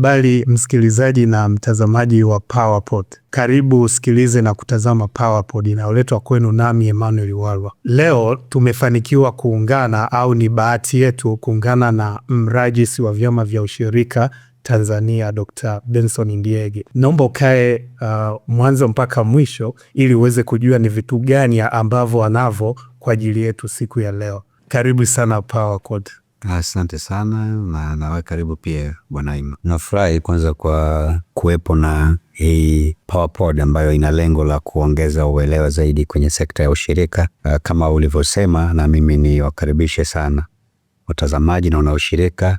Habari msikilizaji na mtazamaji wa PowerPod, karibu usikilize na kutazama PowerPod inayoletwa kwenu nami Emmanuel Walwa. Leo tumefanikiwa kuungana au ni bahati yetu kuungana na mrajisi wa vyama vya ushirika Tanzania Dr. Benson Ndiege. Naomba ukae uh, mwanzo mpaka mwisho ili uweze kujua ni vitu gani ambavyo anavyo kwa ajili yetu siku ya leo. Karibu sana PowerPod. Asante sana na nawe karibu pia Bwana Ima. Nafurahi kwanza kwa kuwepo na hii PowerPod ambayo ina lengo la kuongeza uelewa zaidi kwenye sekta ya ushirika. Ah, kama ulivyosema, na mimi niwakaribishe sana watazamaji na wanaoshirika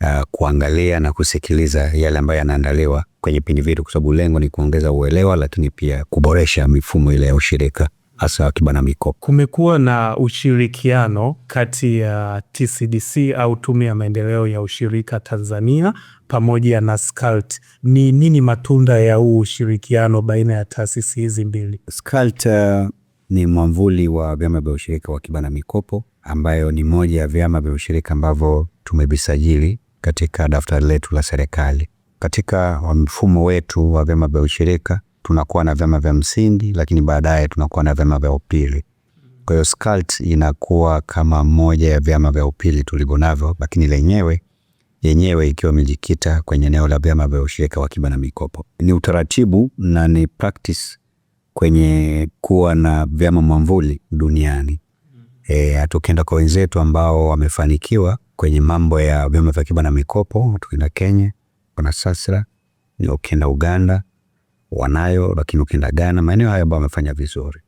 ah, kuangalia na kusikiliza yale ambayo yanaandaliwa kwenye pindi vitu kwa sababu lengo ni kuongeza uelewa, lakini pia kuboresha mifumo ile ya ushirika hasa wakibana mikopo. Kumekuwa na ushirikiano kati ya TCDC au Tume ya Maendeleo ya Ushirika Tanzania pamoja na SCCULT. Ni nini matunda ya huu ushirikiano baina ya taasisi hizi mbili? SCCULT uh, eh, ni mwamvuli wa vyama vya ushirika wa kibana mikopo ambayo ni moja ya vyama vya ushirika ambavyo tumevisajili katika daftari letu la serikali. Katika mfumo wetu wa vyama vya ushirika tunakuwa na vyama vya msingi, lakini baadaye tunakuwa na vyama vya upili. Kwa hiyo SCCULT inakuwa kama moja ya vyama vya upili tulivyo navyo, lakini lenyewe yenyewe ikiwa imejikita kwenye eneo la vyama vya ushirika wa akiba na mikopo. Ni utaratibu na ni practice kwenye kuwa na vyama mwamvuli duniani. E, tukienda kwa wenzetu ambao wamefanikiwa kwenye mambo ya vyama vya akiba na mikopo, tukienda Kenya kuna SASRA, ukienda Uganda wanayo, lakini ukienda Ghana, maeneo hayo ambayo wamefanya vizuri,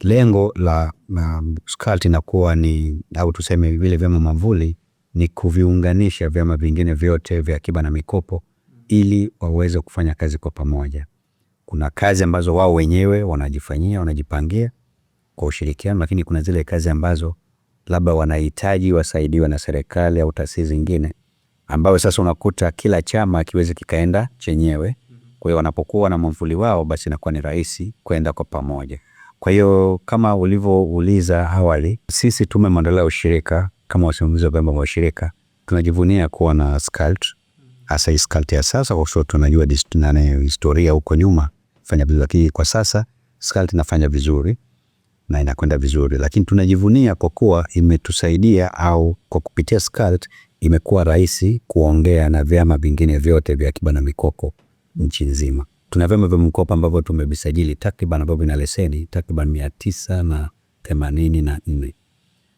lengo la um, SCCUT inakuwa ni au tuseme vile vyama mavuli ni kuviunganisha vyama vingine vyote vya akiba na mikopo ili waweze kufanya kazi kwa pamoja. Kuna kazi ambazo wao wenyewe wanajifanyia, wanajipangia kwa ushirikiano, lakini kuna zile kazi ambazo labda wanahitaji wasaidiwe na serikali au taasisi zingine, ambayo sasa unakuta kila chama akiwezi kikaenda chenyewe kwa hiyo wanapokuwa na mwamvuli wao, basi inakuwa ni rahisi kwenda kwa pamoja. Kwa hiyo kama ulivyouliza awali, sisi Tume ya Maendeleo ya Ushirika kama wasimamizi wa vyama vya ushirika tunajivunia kuwa na SCCULT, hasa hii SCCULT ya sasa, kwa sababu tunajua historia huko nyuma fanya vizuri, lakini kwa sasa SCCULT inafanya vizuri na inakwenda vizuri, lakini tunajivunia kwa kuwa imetusaidia au kwa kupitia SCCULT imekuwa rahisi kuongea na vyama vingine vyote vya akiba na mikopo nchi nzima. Tuna vyama vya mkopo ambavyo tumevisajili takriban ambavyo vina leseni takriban mia tisa na themanini na nne.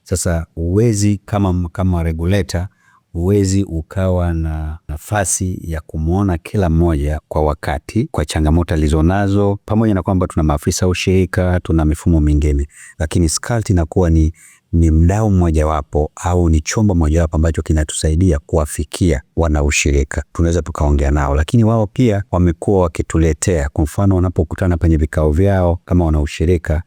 Sasa uwezi kama, kama regulator huwezi ukawa na nafasi ya kumwona kila mmoja kwa wakati kwa changamoto alizonazo, pamoja na kwamba tuna maafisa ushirika, tuna mifumo mingine, lakini SCCULT inakuwa ni ni mdau mmojawapo au ni chombo mojawapo ambacho kinatusaidia kuwafikia wanaushirika, tunaweza tukaongea nao, lakini wao pia wamekuwa wakituletea, kwa mfano wanapokutana kwenye vikao vyao kama wanaushirika,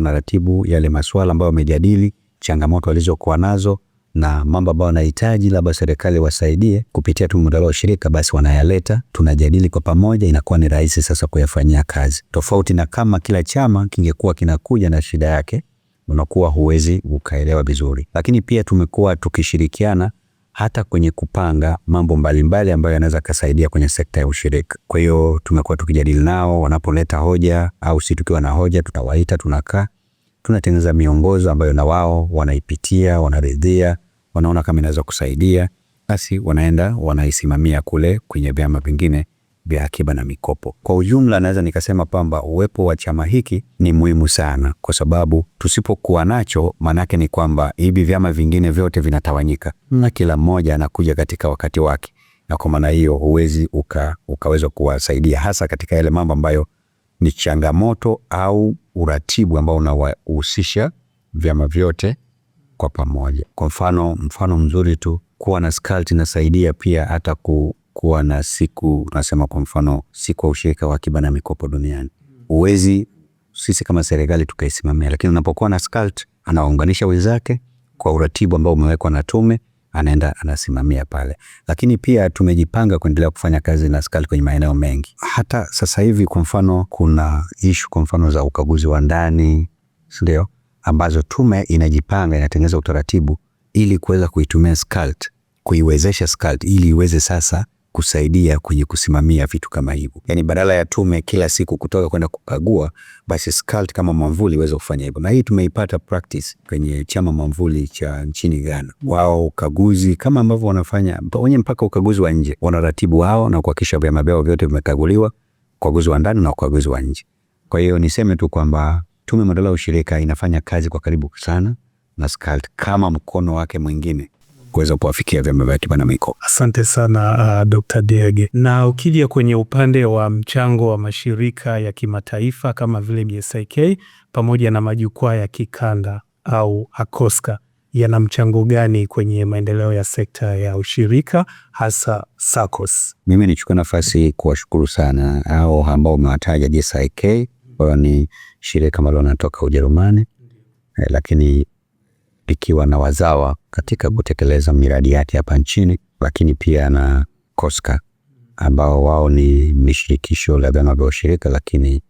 na ratibu yale masuala ambayo wamejadili, changamoto walizokuwa nazo na mambo ambayo wanahitaji labda serikali wasaidie kupitia tu mdau wa ushirika, basi wanayaleta, tunajadili kwa pamoja, inakuwa ni rahisi sasa kuyafanyia kazi, tofauti na kama kila chama kingekuwa kinakuja na shida yake unakuwa huwezi ukaelewa vizuri. Lakini pia tumekuwa tukishirikiana hata kwenye kupanga mambo mbalimbali ambayo yanaweza kusaidia kwenye sekta ya ushirika. Kwa hiyo tumekuwa tukijadili nao wanapoleta hoja au si tukiwa na hoja, tutawaita tunakaa, tunatengeneza miongozo ambayo na wao wanaipitia, wanaridhia, wanaona kama inaweza kusaidia, basi wanaenda wanaisimamia kule kwenye vyama vingine vya akiba na mikopo. Kwa ujumla, naweza nikasema kwamba uwepo wa chama hiki ni muhimu sana, kwa sababu tusipokuwa nacho, maanake ni kwamba hivi vyama vingine vyote vinatawanyika na kila mmoja anakuja katika wakati wake, na kwa maana hiyo huwezi uka, ukaweza kuwasaidia hasa katika yale mambo ambayo ni changamoto au uratibu ambao unawahusisha vyama vyote kwa pamoja. Kwa mfano, mfano mzuri tu kuwa na SCCULT inasaidia pia hata ku kuwa na siku unasema kwa mfano siku ya ushirika wa akiba na mikopo duniani, uwezi sisi kama serikali tukaisimamia, lakini unapokuwa na SCCULT anawaunganisha wenzake kwa uratibu ambao umewekwa na tume, anaenda anasimamia pale. Lakini pia tumejipanga kuendelea kufanya kazi na SCCULT kwenye maeneo mengi. Hata sasa hivi kwa mfano kuna ishu kwa mfano za ukaguzi wa ndani, ndio ambazo tume inajipanga inatengeneza utaratibu ili kuweza kuitumia SCCULT kuiwezesha SCCULT ili iweze sasa kusaidia kwenye kusimamia vitu kama hivyo. Yani badala ya tume kila siku kutoka kwenda kukagua, basi SCCULT kama mwamvuli iweze kufanya hivyo, na hii tumeipata practice kwenye chama mwamvuli cha nchini Ghana. Wao ukaguzi kama ambavyo wanafanya wenye mpaka ukaguzi wa nje wanaratibu wao na kuhakikisha vyama vyao vyote vimekaguliwa, ukaguzi wa ndani na ukaguzi wa nje. Kwa hiyo niseme tu kwamba tume maendeleo ya ushirika inafanya kazi kwa karibu sana na SCCULT kama mkono wake mwingine kuweza kuwafikia vyama vya tiba na miko. Asante sana uh, Dr. Dege. Na ukija kwenye upande wa mchango wa mashirika ya kimataifa kama vile BSIK pamoja na majukwaa ya kikanda au akoska yana mchango gani kwenye maendeleo ya sekta ya ushirika hasa SACCOS? Mimi nichukua nafasi kuwashukuru sana hao ambao umewataja, DSIK ambayo ni shirika ambalo natoka Ujerumani, eh, lakini ikiwa na wazawa katika kutekeleza miradi yake hapa nchini, lakini pia na Koska ambao wao ni shirikisho la vyama vya ushirika, lakini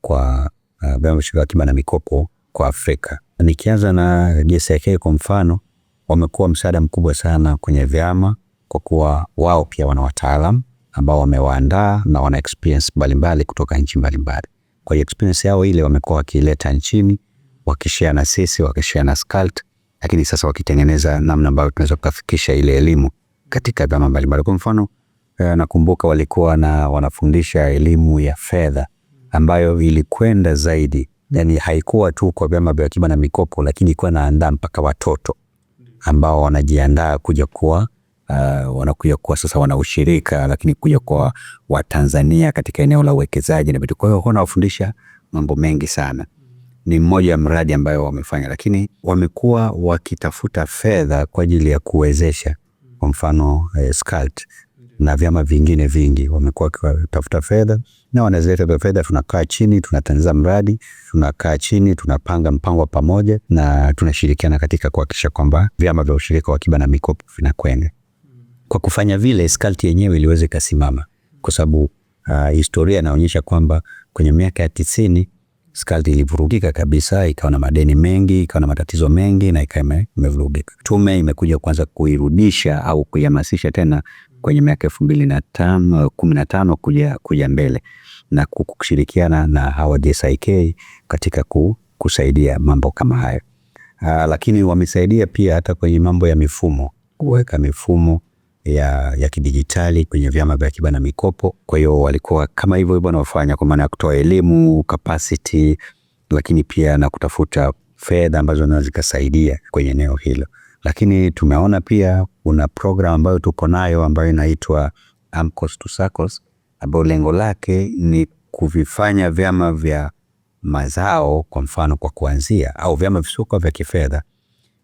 kwa uh, vyama vya ushirika akiba na mikopo kwa Afrika. Nikianza na JSIK kwa mfano, wamekuwa msaada mkubwa sana kwenye vyama kwa kuwa wao pia wana wataalam ambao wamewaandaa na wana experience mbalimbali kutoka nchi mbalimbali. Kwa hiyo experience yao ile wamekuwa wakileta nchini, wakishare na sisi, wakishare na SCCULT lakini sasa wakitengeneza namna ambayo tunaweza kufikisha ile elimu katika vyama mbalimbali. Kwa mfano, eh, nakumbuka walikuwa na wanafundisha elimu ya fedha ambayo ilikwenda zaidi, yani haikuwa tu kwa vyama vya akiba na mikopo, lakini ilikuwa naandaa mpaka watoto ambao wanajiandaa kuja kuwa uh, wanakuja kuwa sasa wana ushirika, lakini kuja kwa Watanzania katika eneo la uwekezaji na vitu. Kwa hiyo nawafundisha mambo mengi sana ni mmoja ya mradi ambayo wamefanya, lakini wamekuwa wakitafuta fedha kwa ajili ya kuwezesha kwa mfano eh, SCCULT na vyama vingine vingi wamekuwa wakitafuta fedha na wanazileta fedha, tunakaa chini, tunatengeneza mradi, tunakaa chini, tunapanga mpango wa pamoja na tunashirikiana katika kuhakikisha kwamba vyama vya ushirika wa akiba na mikopo vinakwenda. Kwa kufanya vile, SCCULT yenyewe iliweza ikasimama, kwa sababu uh, historia inaonyesha kwamba kwenye miaka ya tisini Skali ilivurugika kabisa, ikawa na madeni mengi, ikawa na matatizo mengi na ikawa imevurugika. Tume imekuja kuanza kuirudisha au kuihamasisha tena kwenye miaka elfu mbili na tano kumi na tano kuja kuja mbele na kushirikiana na hawa DSIK katika kusaidia mambo kama hayo. Aa, ah, lakini wamesaidia pia hata kwenye mambo ya mifumo, kuweka mifumo ya, ya kidijitali kwenye vyama vya akiba na mikopo. Kwa hiyo walikuwa kama hivyo hivyo wanaofanya kwa maana ya kutoa elimu capacity, lakini pia na kutafuta fedha ambazo nazo zikasaidia kwenye eneo hilo. Lakini tumeona pia kuna program ambayo tuko nayo ambayo inaitwa AMCOS to SACCOS ambayo lengo lake ni kuvifanya vyama vya mazao kwa mfano kwa kuanzia au vyama visukwa vya kifedha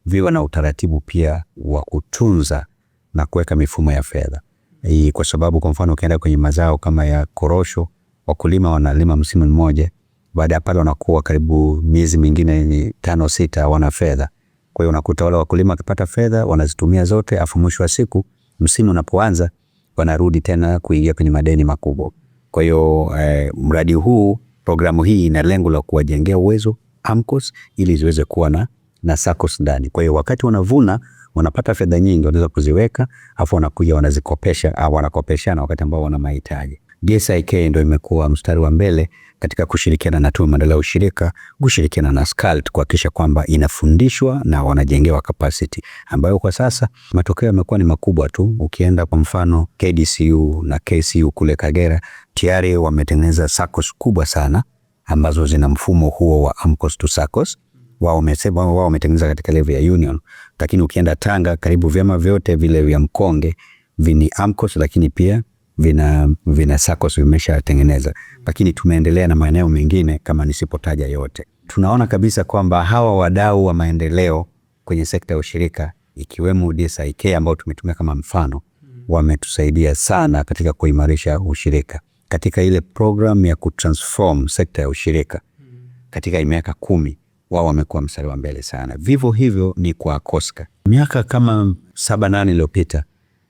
viwe na utaratibu pia wa kutunza na kuweka mifumo ya fedha hii, kwa sababu kwa mfano ukienda kwenye mazao kama ya korosho, wakulima wanalima msimu mmoja, baada ya pale wanakuwa karibu miezi mingine tano sita wana fedha. Kwa hiyo unakuta wale wakulima wakipata fedha wanazitumia zote, afu mwisho wa siku msimu unapoanza wanarudi tena kuingia kwenye madeni makubwa. Kwa hiyo eh, mradi huu, programu hii ina lengo la kuwajengea uwezo AMCOS ili ziweze kuwa na na SACCOS ndani. Kwa hiyo wakati wanavuna wanapata fedha nyingi, wanaweza kuziweka afu wanakuja wanazikopesha au ah, wanakopeshana wakati ambao wana mahitaji. GSIK ndio imekuwa mstari wa mbele katika kushirikiana na tume maendeleo ya ushirika kushirikiana na SCCULT kuhakikisha kwamba inafundishwa na wanajengewa capacity ambayo kwa sasa matokeo yamekuwa ni makubwa tu. Ukienda kwa mfano KDCU na KCU kule Kagera tayari wametengeneza SACCOS kubwa sana ambazo zina mfumo huo wa AMCOS to SACCOS wao wamesema wao wametengeneza katika level ya union, lakini ukienda Tanga karibu vyama vyote vile vya mkonge vini AMCOS, lakini pia vina vina SACCOS vimeshatengeneza, lakini tumeendelea na maeneo mengine kama nisipotaja yote. Tunaona kabisa kwamba hawa wadau wa maendeleo kwenye sekta ya ushirika ikiwemo DSIK ambao tumetumia kama mfano, hmm. wametusaidia sana katika kuimarisha ushirika katika ile program ya kutransform sekta ya ushirika hmm. katika miaka kumi wao wamekuwa mstari wa mbele sana. Vivyo hivyo ni kwa Koska. Miaka kama saba nane iliyopita,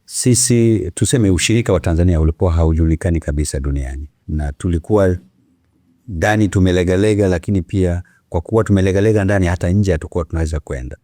sisi tuseme ushirika wa Tanzania ulikuwa haujulikani kabisa duniani, na tulikuwa ndani tumelegalega, lakini pia kwa kuwa tumelegalega ndani, hata nje hatukuwa tunaweza kwenda.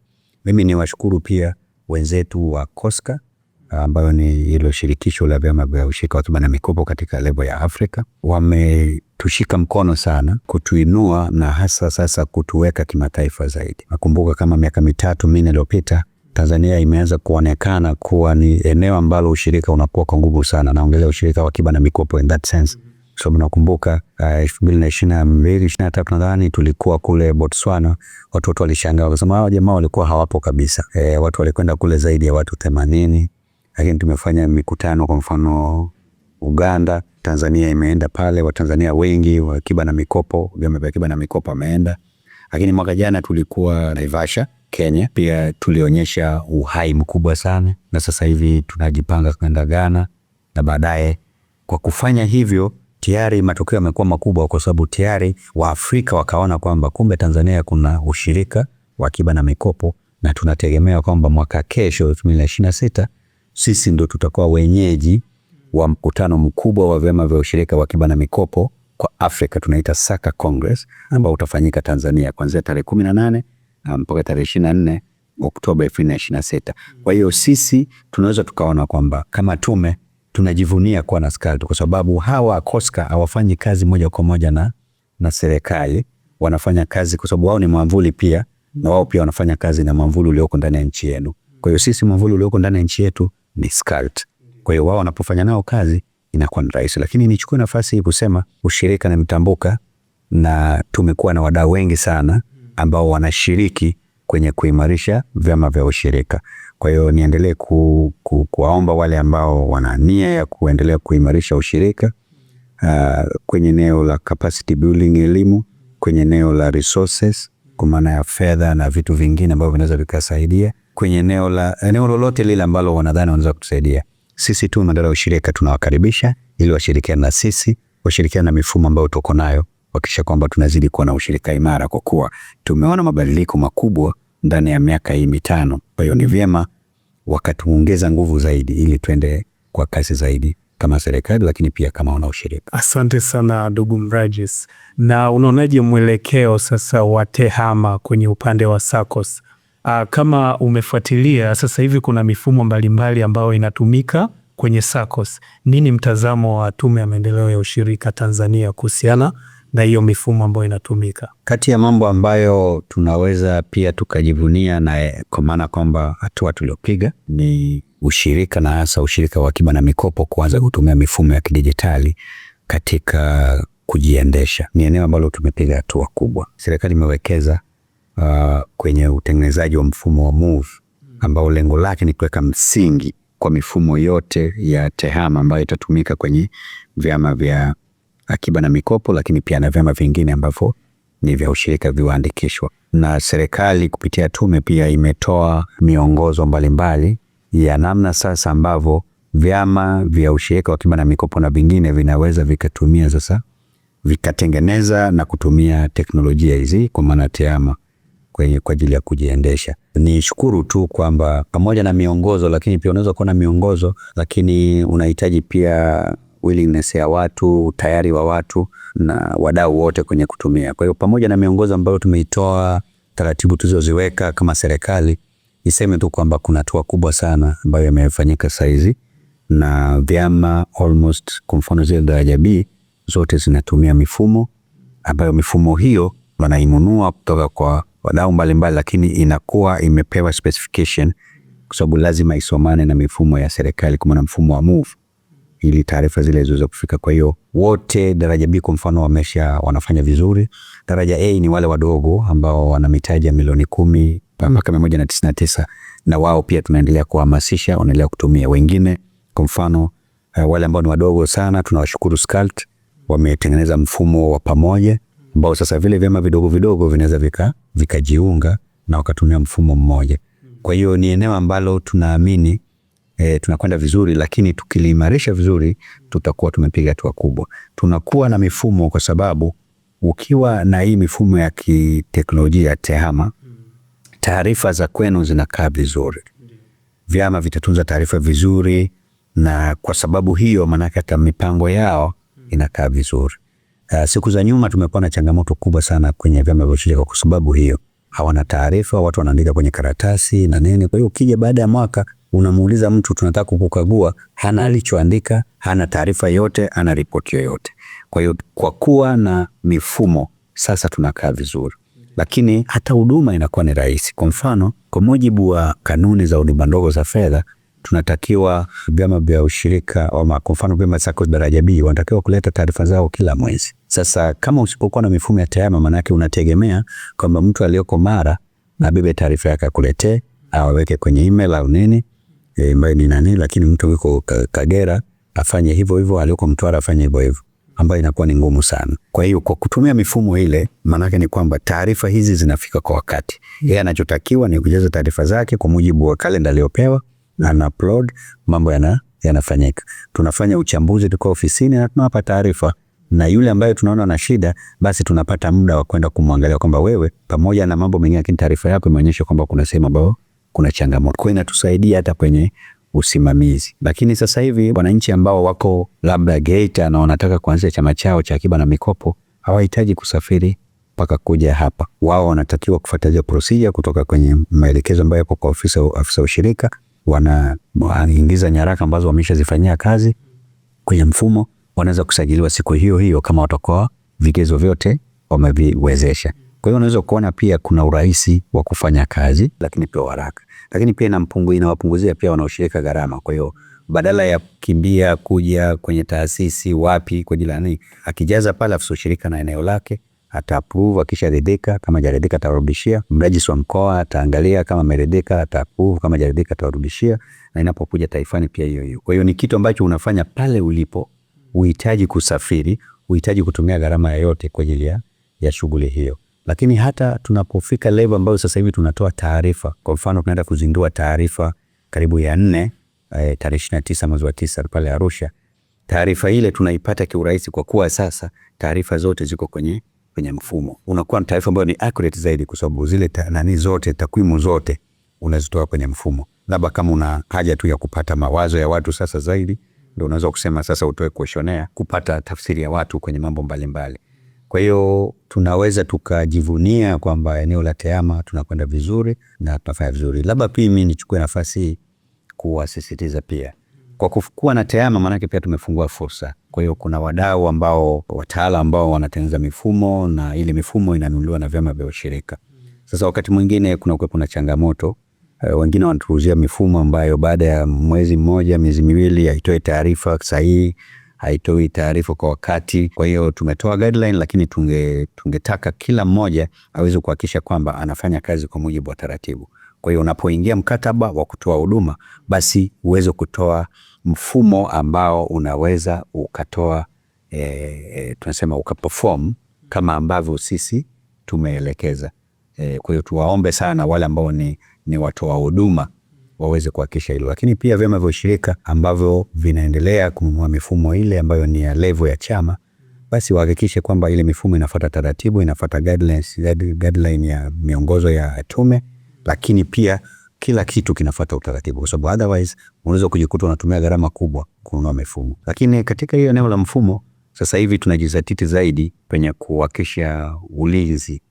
Mimi niwashukuru pia wenzetu wa Koska ambayo ni ilo shirikisho la vyama vya ushirika hotuba na mikopo katika levo ya Afrika wametushika mkono sana kutuinua na hasa sasa kutuweka kimataifa zaidi. Nakumbuka kama miaka mitatu minne iliyopita Tanzania imeanza kuonekana kuwa ni eneo ambalo ushirika unakuwa kwa nguvu sana, naongelea ushirika wa akiba na mikopo in that sense so, nakumbuka uh, elfu mbili na ishirini na mbili ishirini na tatu nadhani tulikuwa kule Botswana, watu wote walishangaa wakasema hawa jamaa walikuwa hawapo kabisa. E, watu walikwenda kule zaidi ya watu themanini lakini tumefanya mikutano, kwa mfano Uganda, Tanzania imeenda pale, Watanzania wengi wa akiba na mikopo, vyama vya akiba na mikopo wameenda. Lakini mwaka jana tulikuwa Naivasha, Kenya, pia tulionyesha uhai mkubwa sana, na sasa hivi tunajipanga kwenda Ghana na baadaye. Kwa kufanya hivyo tayari matokeo yamekuwa makubwa, kwa sababu tayari Waafrika wakaona kwamba kumbe Tanzania kuna ushirika wa akiba na mikopo, na tunategemea kwamba mwaka kesho 2026 sisi ndo tutakuwa wenyeji wa mkutano mkubwa wa vyama vya ushirika wa akiba na mikopo kwa Afrika tunaita Saka Congress ambao utafanyika Tanzania kuanzia tarehe kumi na nane ah, mpaka tarehe ishirini na nne Oktoba elfu mbili na ishirini na sita. Kwa hiyo sisi tunaweza tukaona kwamba kama tume tunajivunia kuwa na SCCALT kwa sababu hawa COSCA hawafanyi kazi moja kwa moja na, na serikali. Wanafanya kazi kwa sababu wao ni mwamvuli pia, na wao pia wanafanya kazi na mwamvuli ulioko ndani ya nchi yenu. Kwa hiyo sisi mwamvuli ulioko ndani ya nchi yetu ni SCCT. Kwa hiyo wao wanapofanya nao kazi inakuwa ni rahisi, lakini nichukue nafasi hii kusema ushirika ni mtambuka na tumekuwa na wadau wengi sana ambao wanashiriki kwenye kuimarisha vyama vya ushirika. Kwa hiyo niendelee ku, ku, kuwaomba wale ambao wana nia ya kuendelea kuimarisha ushirika uh, kwenye eneo la capacity building elimu, kwenye eneo la resources kwa maana ya fedha na vitu vingine ambavyo vinaweza vikasaidia kwenye eneo la eneo lolote lile ambalo wanadhani wanaweza kutusaidia sisi. Tu Mandala ushirika tunawakaribisha ili washirikiane na sisi, washirikiane na mifumo ambayo tuko nayo, kuhakikisha kwamba tunazidi kuwa na ushirika imara, kwa kuwa tumeona mabadiliko makubwa ndani ya miaka hii mitano. Kwa hiyo ni vyema wakatuongeza nguvu zaidi, ili tuende kwa kasi zaidi kama serikali lakini pia kama ushirika. Asante sana ndugu Mrajis. Na unaonaje mwelekeo sasa wa TEHAMA kwenye upande wa SACCOS? Uh, kama umefuatilia sasa hivi kuna mifumo mbalimbali ambayo inatumika kwenye SACCOS. Nini mtazamo wa Tume ya Maendeleo ya Ushirika Tanzania kuhusiana na hiyo mifumo ambayo inatumika? Kati ya mambo ambayo tunaweza pia tukajivunia na kwa maana kwamba hatua tuliopiga ni ushirika na hasa ushirika wa akiba na mikopo kuanza kutumia mifumo ya kidijitali katika kujiendesha. Ni eneo ambalo tumepiga hatua kubwa. Serikali imewekeza uh, kwenye utengenezaji wa mfumo wa MOVE hmm. ambao lengo lake ni kuweka msingi kwa mifumo yote ya tehama ambayo itatumika kwenye vyama vya akiba na mikopo, lakini pia na vyama vingine ambavyo ni vya ushirika viwaandikishwa. na serikali. Kupitia tume pia imetoa miongozo mbalimbali ya namna sasa ambavyo vyama vya ushirika wa akiba na mikopo na vingine vinaweza vikatumia sasa vikatengeneza na kutumia teknolojia hizi kwa maana tehama kwa ajili ya kujiendesha. Ni shukuru tu kwamba pamoja na miongozo, lakini pia unaweza kuona miongozo, lakini unahitaji pia willingness ya watu, utayari wa watu na wadau wote kwenye kutumia. Kwa hiyo pamoja na miongozo ambayo tumeitoa, taratibu tulizoziweka kama serikali, niseme tu kwamba kuna hatua kubwa sana ambayo yamefanyika saizi na vyama almost kwa mfano zile daraja B zote zinatumia mifumo ambayo mifumo hiyo wanainunua kutoka kwa wadau mbalimbali, lakini inakuwa imepewa specification kwa sababu lazima isomane na mifumo ya serikali kama na mfumo wa MOVE ili taarifa zile ziweze kufika. Kwa hiyo wote daraja B kwa mfano wamesha wanafanya vizuri. Daraja A ni wale wadogo ambao wana mitaji ya milioni kumi mpaka mia moja na tisini na tisa na wao pia tunaendelea kuhamasisha, wanaendelea kutumia wengine. Kwa mfano eh, wale ambao ni wadogo sana tunawashukuru SCCULT wametengeneza mfumo wa pamoja ambao sasa vile vyama vidogo vidogo vinaweza vika vikajiunga na wakatumia mfumo mmoja. Kwa hiyo ni eneo ambalo tunaamini e, tunakwenda vizuri, lakini tukiliimarisha vizuri tutakuwa tumepiga hatua kubwa. Tunakuwa na mifumo kwa sababu ukiwa na hii mifumo ya kiteknolojia TEHAMA, taarifa za kwenu zinakaa vizuri, vyama vitatunza taarifa vizuri, na kwa sababu hiyo maanake hata mipango yao inakaa vizuri. Uh, siku za nyuma tumekuwa na changamoto kubwa sana kwenye vyama vya ushirika kwa sababu hiyo. Hawana taarifa, watu wanaandika kwenye karatasi na nini. Kwa hiyo ukija baada ya mwaka unamuuliza mtu tunataka kukukagua, hana alichoandika, hana taarifa yote, hana ripoti yoyote. Kwa hiyo kwa kuwa na mifumo sasa tunakaa vizuri, lakini hata huduma inakuwa ni rahisi. Kwa mfano, kwa mujibu wa kanuni za huduma ndogo za fedha tunatakiwa vyama vya ushirika kwa mfano vyama sako daraja B wanatakiwa kuleta taarifa zao kila mwezi. Sasa kama usipokuwa na mifumo ya tehama, yake unategemea kwamba mtu aliyoko Mara abebe taarifa yake akuletee au aweke kwenye email au nini e, ambayo ni nani, lakini mtu yuko Kagera afanye hivyo hivyo, aliyoko Mtwara afanye hivyo hivyo, ambayo inakuwa ni ngumu sana. Kwa hiyo kwa kutumia mifumo ile, maanake ni kwamba taarifa hizi zinafika kwa wakati. Yeye anachotakiwa ni kujaza taarifa zake kwa mujibu wa kalenda aliyopewa na ana upload mambo yana yanafanyika. Tunafanya uchambuzi tuko ofisini na tunawapa taarifa, na yule ambaye tunaona ana shida, basi tunapata muda wa kwenda kumwangalia kwamba wewe, pamoja na mambo mengine, lakini taarifa yako imeonyesha kwamba kuna sehemu ambayo kuna changamoto. Kwa inatusaidia hata kwenye usimamizi. Lakini sasa hivi wananchi ambao wako labda Geita na wanataka kuanzisha chama chao cha akiba na mikopo hawahitaji kusafiri mpaka kuja hapa. Wao wanatakiwa kufuatilia procedure kutoka kwenye maelekezo ambayo yapo kwa ofisa afisa ushirika wanaingiza nyaraka ambazo wameshazifanyia kazi kwenye mfumo, wanaweza kusajiliwa siku hiyo hiyo kama watakuwa vigezo vyote wameviwezesha. Kwa hiyo unaweza kuona pia kuna urahisi wa kufanya kazi, lakini pia haraka, lakini pia inawapunguzia pia wanaoshirika gharama. Kwa hiyo badala ya kimbia kuja kwenye taasisi wapi kwa ajili ya nini, akijaza pale afisa ushirika na eneo lake ataapprove, ridhika, Kama jaridhika atarudishia. Mrajisi wa mkoa ataangalia, kama ameridhika ataapprove, kama jaridhika atarudishia, na inapokuja taifani pia hiyo hiyo. Kwa hiyo ni kitu ambacho unafanya pale ulipo, uhitaji kusafiri, uhitaji kutumia gharama yoyote kwa ajili ya shughuli hiyo. Lakini hata tunapofika level ambayo sasa hivi tunatoa taarifa, kwa mfano tunaenda kuzindua taarifa karibu ya nne e, tarehe ishirini na tisa mwezi wa tisa pale Arusha. Taarifa ile tunaipata kiurahisi kwa kuwa sasa taarifa zote ziko kwenye kwenye mfumo, unakuwa na taarifa ambayo ni accurate zaidi, kwa sababu zile ta, nani zote takwimu zote unazitoa kwenye mfumo. Labda kama una haja tu ya kupata mawazo ya watu sasa zaidi, ndio unaweza kusema sasa utoe questionnaire kupata tafsiri ya watu kwenye mambo mbalimbali. Kwa hiyo tunaweza tukajivunia kwamba eneo la TEHAMA tunakwenda vizuri na tunafanya vizuri. Labda pia mimi nichukue nafasi hii kuwasisitiza pia kwa kufukua na TEHAMA maanake pia tumefungua fursa. Kwa hiyo kuna wadau ambao wataalamu ambao wanatengeneza mifumo na ile mifumo inanunuliwa na vyama vya ushirika. Sasa wakati mwingine kuna kuwepo na changamoto uh, wengine wanatuuzia mifumo ambayo baada ya mwezi mmoja miezi miwili haitoi taarifa sahihi, haitoi taarifa kwa wakati. Kwa hiyo tumetoa guideline, lakini tunge tungetaka kila mmoja aweze kuhakikisha kwamba anafanya kazi kwa mujibu wa taratibu. Kwa hiyo unapoingia mkataba wa kutoa huduma, basi uweze kutoa mfumo ambao unaweza ukatoa e, e, tunasema ukaperform kama ambavyo sisi tumeelekeza. E, kwa hiyo tuwaombe sana wale ambao ni, ni watoa huduma waweze kuhakikisha hilo, lakini pia vyama vya ushirika ambavyo vinaendelea kununua mifumo ile ambayo ni ya levo ya chama, basi wahakikishe kwamba ile mifumo inafuata taratibu, inafuata guidelines, guideline ya miongozo ya tume lakini pia kila kitu kinafuata utaratibu, kwa sababu otherwise unaweza kujikuta unatumia gharama kubwa kununua mifumo. Lakini katika hiyo eneo la mfumo, sasa hivi tunajizatiti zaidi penye kuhakikisha ulinzi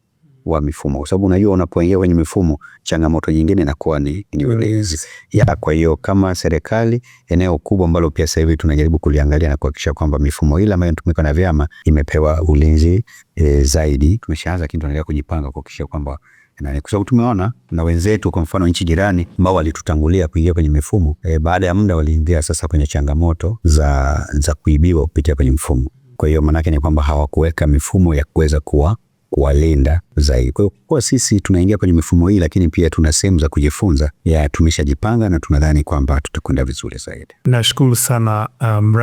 wa mifumo, kwa sababu unajua unapoingia kwenye mifumo, changamoto nyingine inakuwa ni ulinzi ya. Kwa hiyo kama serikali, eneo kubwa ambalo pia sasa hivi tunajaribu kuliangalia na kuhakikisha kwamba mifumo ile ambayo inatumika na vyama imepewa ulinzi e, zaidi. Tumeshaanza, lakini tunaendelea kujipanga kuhakikisha kwamba kwa sababu tumeona na wenzetu kwa mfano nchi jirani ambao walitutangulia kuingia kwenye mifumo e, baada ya muda waliingia sasa kwenye changamoto za, za kuibiwa kupitia kwenye mfumo. Kwa hiyo maanake ni kwamba hawakuweka mifumo ya kuweza kuwa kuwalinda zaidi. Kwa hiyo kwa sisi tunaingia kwenye mifumo hii, lakini pia tuna sehemu za kujifunza ya tumeshajipanga na tunadhani kwamba tutakwenda vizuri zaidi. Nashukuru sana um, uh,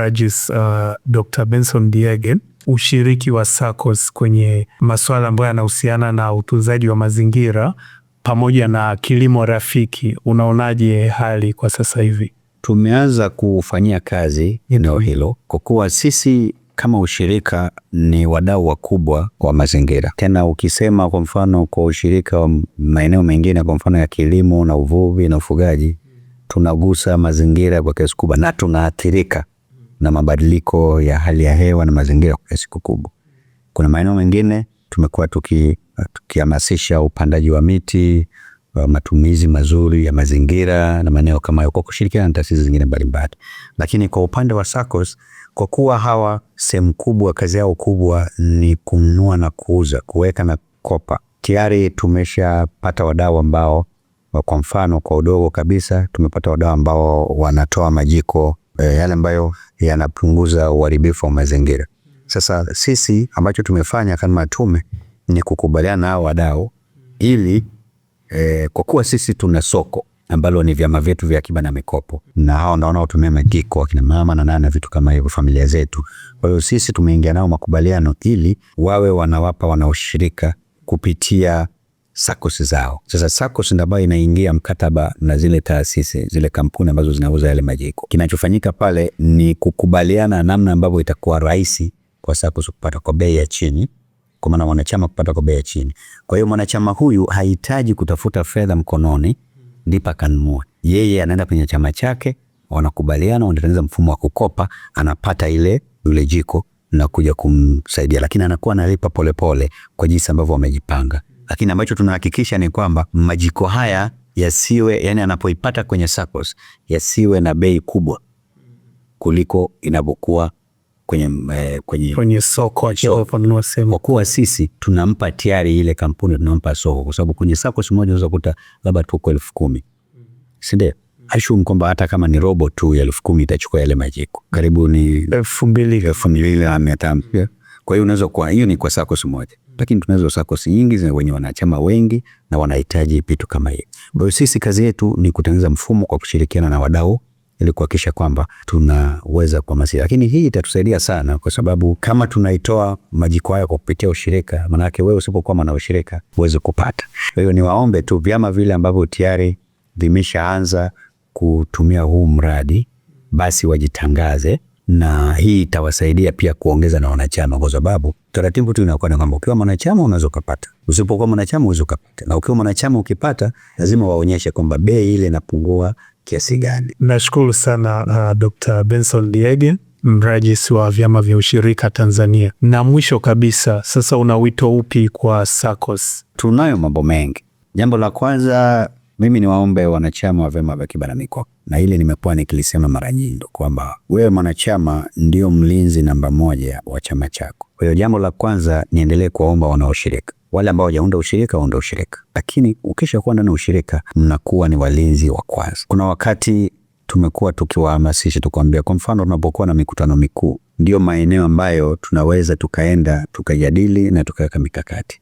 uh Dr. Benson Diage ushiriki wa SACCOS kwenye masuala ambayo yanahusiana na utunzaji wa mazingira pamoja na kilimo rafiki. Unaonaje hali kwa sasa hivi? Tumeanza kufanyia kazi eneo hilo kwa kuwa sisi kama ushirika ni wadau wakubwa wa mazingira. Tena ukisema kwa mfano kwa ushirika wa maeneo mengine, kwa mfano ya kilimo na uvuvi na ufugaji, tunagusa mazingira kwa kiasi kubwa na tunaathirika na mabadiliko ya hali ya hewa na mazingira kwa kiasi kikubwa. Kuna maeneo mengine tumekuwa tukihamasisha tuki upandaji wa miti wa matumizi mazuri ya mazingira na maeneo kama hayo kwa kushirikiana na taasisi zingine mbalimbali. Lakini kwa upande wa SACCOS, kwa kuwa hawa sehemu kubwa kazi yao kubwa ni kununua na kuuza, kuweka na kopa, tayari tumeshapata wadau ambao, kwa mfano, kwa udogo kabisa tumepata wadau ambao wanatoa majiko e, yale ambayo yanapunguza uharibifu wa mazingira. Sasa sisi ambacho tumefanya kama tume ni kukubaliana na hao wadau ili eh, kwa kuwa sisi tuna soko ambalo ni vyama vyetu vya akiba na mikopo na hao ndio wanaotumia magiko akina mama na nana vitu kama hivyo, familia zetu. Kwa hiyo sisi tumeingia nao makubaliano ili wawe wanawapa wanaoshirika kupitia SACCOS zao. Sasa SACCOS ndio ambayo inaingia mkataba na zile taasisi zile kampuni ambazo zinauza yale majiko. Kinachofanyika pale ni kukubaliana namna ambavyo itakuwa rahisi kwa SACCOS kupata kwa bei ya chini, kwa maana mwanachama kupata kwa bei ya chini. Kwa hiyo mwanachama huyu hahitaji kutafuta fedha mkononi ndipo akanunua, yeye anaenda kwenye chama chake, wanakubaliana, wanatengeneza mfumo wa kukopa, anapata ile yule jiko na kuja kumsaidia, lakini anakuwa analipa polepole kwa jinsi ambavyo wamejipanga lakini ambacho tunahakikisha ni kwamba majiko haya yasiwe, yani anapoipata kwenye SACCOS yasiwe na bei kubwa kuliko inavyokuwa kwenye, eh, kwenye, kwenye soko kwa kuwa sisi tunampa tayari ile kampuni tunampa soko, kwa sababu kwenye SACCOS moja unaweza kukuta labda tuko elfu kumi si ndio? Ashum kwamba hata kama ni robo tu ya elfu kumi itachukua yale majiko karibu ni elfu mbili elfu mbili na mia tano. Mm. Kwa hiyo unaweza kuwa hiyo ni kwa SACCOS moja lakini tunazo SACCOS nyingi zina wenye wanachama wengi na wanahitaji vitu kama hivi. Kwa hiyo sisi kazi yetu ni kutengeneza mfumo kwa kushirikiana na wadau ili kuhakikisha kwamba tunaweza kuhamasisha, lakini hii itatusaidia sana, kwa sababu kama tunaitoa majukwaa hayo kwa kupitia ushirika, maana yake wewe usipokuwa mwana ushirika huwezi kupata. Kwa hiyo niwaombe tu vyama vile ambavyo tayari vimeshaanza kutumia huu mradi basi wajitangaze na hii itawasaidia pia kuongeza na wanachama, kwa sababu taratibu tu inakuwa ni kwamba ukiwa mwanachama unaweza ukapata usipokuwa mwanachama uweze ukapata na ukiwa mwanachama ukipata, lazima waonyeshe kwamba bei ile inapungua kiasi gani. Nashukuru sana uh, Dr. Benson Diege mrajisi wa vyama vya ushirika Tanzania. Na mwisho kabisa, sasa una wito upi kwa SACCOS? Tunayo mambo mengi. Jambo la kwanza mimi ni waombe wanachama wa vyama vya Kiba na Mikoa, na hili nimekuwa nikilisema mara nyingi, ndo kwamba wewe mwanachama ndio mlinzi namba moja wa chama chako. Kwa hiyo jambo la kwanza niendelee kuwaomba wanaoshirika wale ambao wajaunda ushirika waunda ushirika, lakini ukisha kuwa ndani ushirika mnakuwa ni walinzi wa kwanza. Kuna wakati tumekuwa tukiwahamasisha tukawambia, kwa mfano tunapokuwa na mikutano mikuu, ndio maeneo ambayo tunaweza tukaenda tukajadili na tukaweka mikakati,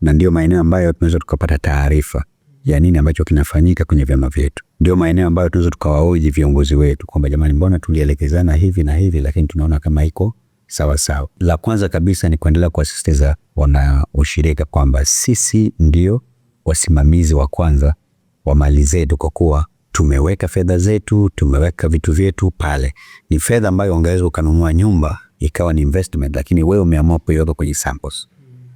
na ndio maeneo ambayo tunaweza tukapata taarifa ya nini ambacho kinafanyika kwenye vyama vyetu. Ndio maeneo ambayo tunaweza tukawaoji viongozi wetu kwamba jamani, mbona tulielekezana hivi na hivi, lakini tunaona kama iko sawa sawa. La kwanza kabisa ni kuendelea kuwasisitiza wana ushirika kwamba sisi ndio wasimamizi wa kwanza wa mali zetu, kwa kuwa tumeweka fedha zetu, tumeweka vitu vyetu pale. Ni fedha ambayo ungeweza ukanunua nyumba ikawa ni investment, lakini wewe umeamua kuiweka kwenye samples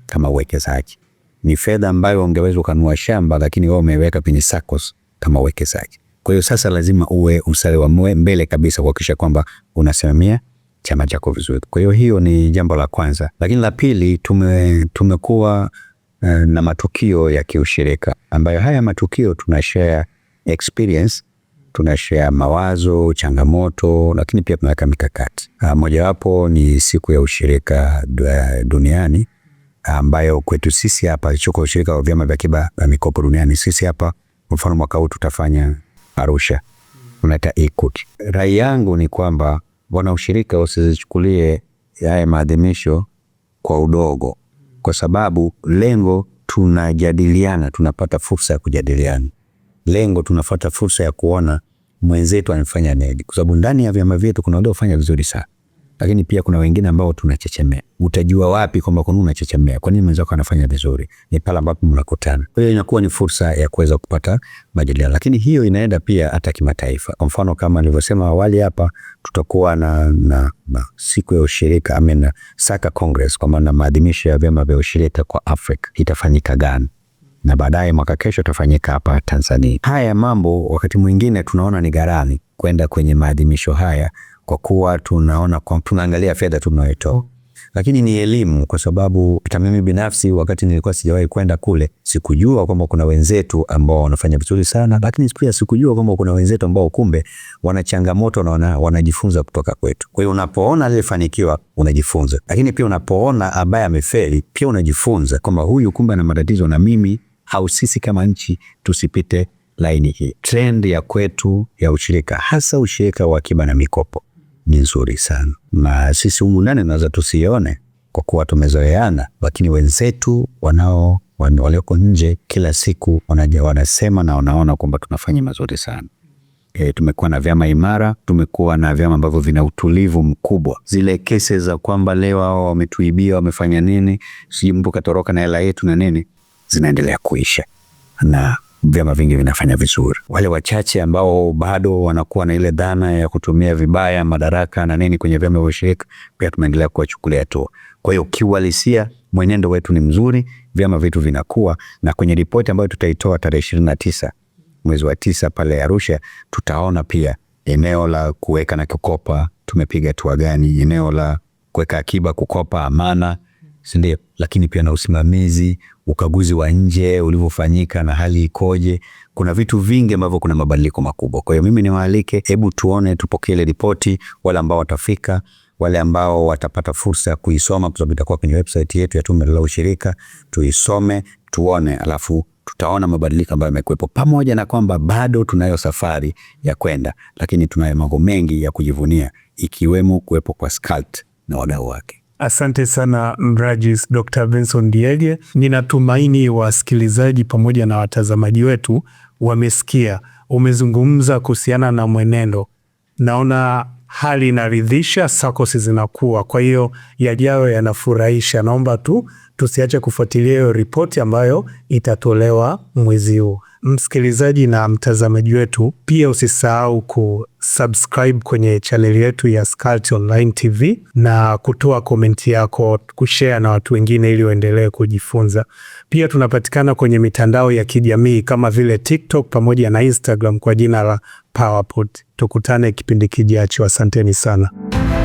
kama uwekezaji ni fedha ambayo ungeweza ukanua shamba, lakini wewe umeweka kwenye SACCOS kama uwekezaji. Kwa hiyo sasa lazima uwe usale wa mbele kabisa kuhakikisha kwamba unasimamia chama chako vizuri. Kwa hiyo hiyo ni jambo la kwanza, lakini la pili, tume tumekuwa uh, na matukio ya kiushirika ambayo haya matukio tuna share experience, tuna share mawazo, changamoto, lakini pia tunaweka mikakati. Uh, mojawapo ni siku ya ushirika duniani ambayo kwetu sisi hapa choko ushirika wa vyama vya akiba na mikopo duniani, sisi hapa kwa mfano mwaka huu tutafanya Arusha, tunaita Equity. Rai yangu ni kwamba wanaushirika ushirika usizichukulie haya maadhimisho kwa udogo, kwa sababu lengo tunajadiliana, tunapata fursa ya kujadiliana, lengo tunafata fursa ya kuona mwenzetu anafanya nini, kwa sababu ndani ya vyama vyetu kuna waliofanya vizuri sana lakini pia kuna wengine ambao tunachechemea. Utajua wapi kwamba kuna unachechemea? Kwa nini mwenzako anafanya vizuri? Ni pale ambapo mnakutana. Kwa hiyo inakuwa ni fursa ya kuweza kupata majadiliano, lakini hiyo inaenda pia hata kimataifa. Kwa mfano kama nilivyosema awali hapa, tutakuwa na, na, na siku ya ushirika amena Saka Congress, kwa maana maadhimisho ya vyama vya ushirika kwa Afrika itafanyika Ghana na baadaye mwaka kesho utafanyika hapa Tanzania. Haya mambo wakati mwingine tunaona ni gharani kwenda kwenye maadhimisho haya kwa kuwa tunaona kwa, tunaangalia fedha tunayoitoa, lakini ni elimu, kwa sababu hata mimi binafsi wakati nilikuwa sijawahi kwenda kule sikujua kwamba kuna wenzetu ambao wanafanya vizuri sana, lakini pia sikujua kwamba kuna wenzetu ambao kumbe wana changamoto na wana, wanajifunza kutoka kwetu. Kwa hiyo unapoona aliyefanikiwa unajifunza, lakini pia unapoona ambaye amefeli pia unajifunza kwamba huyu kumbe ana matatizo na mimi, au sisi kama nchi tusipite laini hii. Trend ya kwetu ya ushirika, hasa ushirika wa akiba na mikopo ni nzuri sana, na sisi humu ndani naweza tusione kwa kuwa tumezoeana, lakini wenzetu wanao walioko nje kila siku wanaja wanasema na wanaona kwamba tunafanya mazuri sana. E, tumekuwa na vyama imara, tumekuwa na vyama ambavyo vina utulivu mkubwa. Zile kesi za kwamba leo hao wametuibia, wamefanya nini, sijui mtu katoroka na hela yetu na nini, zinaendelea kuisha na vyama vingi vinafanya vizuri. Wale wachache ambao bado wanakuwa na ile dhana ya kutumia vibaya madaraka na nini kwenye vyama vya ushirika, pia tumeendelea kuwachukulia hatua. Kwa hiyo kiuhalisia mwenendo wetu ni mzuri, vyama vyetu vinakuwa, na kwenye ripoti ambayo tutaitoa tarehe ishirini na tisa mwezi wa tisa pale Arusha, tutaona pia eneo la kuweka na kukopa tumepiga hatua gani, eneo la kuweka akiba, kukopa, amana si ndio? Lakini pia na usimamizi, ukaguzi wa nje ulivyofanyika na hali ikoje. Kuna vitu vingi ambavyo kuna mabadiliko makubwa. Kwa hiyo mimi niwaalike, hebu tuone, tupokee ile ripoti, wale ambao watafika wale ambao watapata fursa ya kuisoma kwa sababu itakuwa kwenye website yetu ya Tume la Ushirika, tuisome tuone, alafu tutaona mabadiliko ambayo yamekuwepo, pamoja na kwamba bado tunayo safari ya kwenda, lakini tunayo mambo mengi ya kujivunia, ikiwemo kuwepo kwa SCCULT na wadau wake. Asante sana mrajis Dr. Benson Diege. Ninatumaini wasikilizaji pamoja na watazamaji wetu wamesikia. Umezungumza kuhusiana na mwenendo, naona hali inaridhisha, SACCOS zinakuwa, kwa hiyo yajayo yanafurahisha. Naomba tu tusiache kufuatilia hiyo ripoti ambayo itatolewa mwezi huu msikilizaji na mtazamaji wetu, pia usisahau kusubscribe kwenye chaneli yetu ya SCCULT Online TV na kutoa komenti yako, kushare na watu wengine ili waendelee kujifunza. Pia tunapatikana kwenye mitandao ya kijamii kama vile TikTok pamoja na Instagram kwa jina la PowerPod. Tukutane kipindi kijacho. Asanteni sana.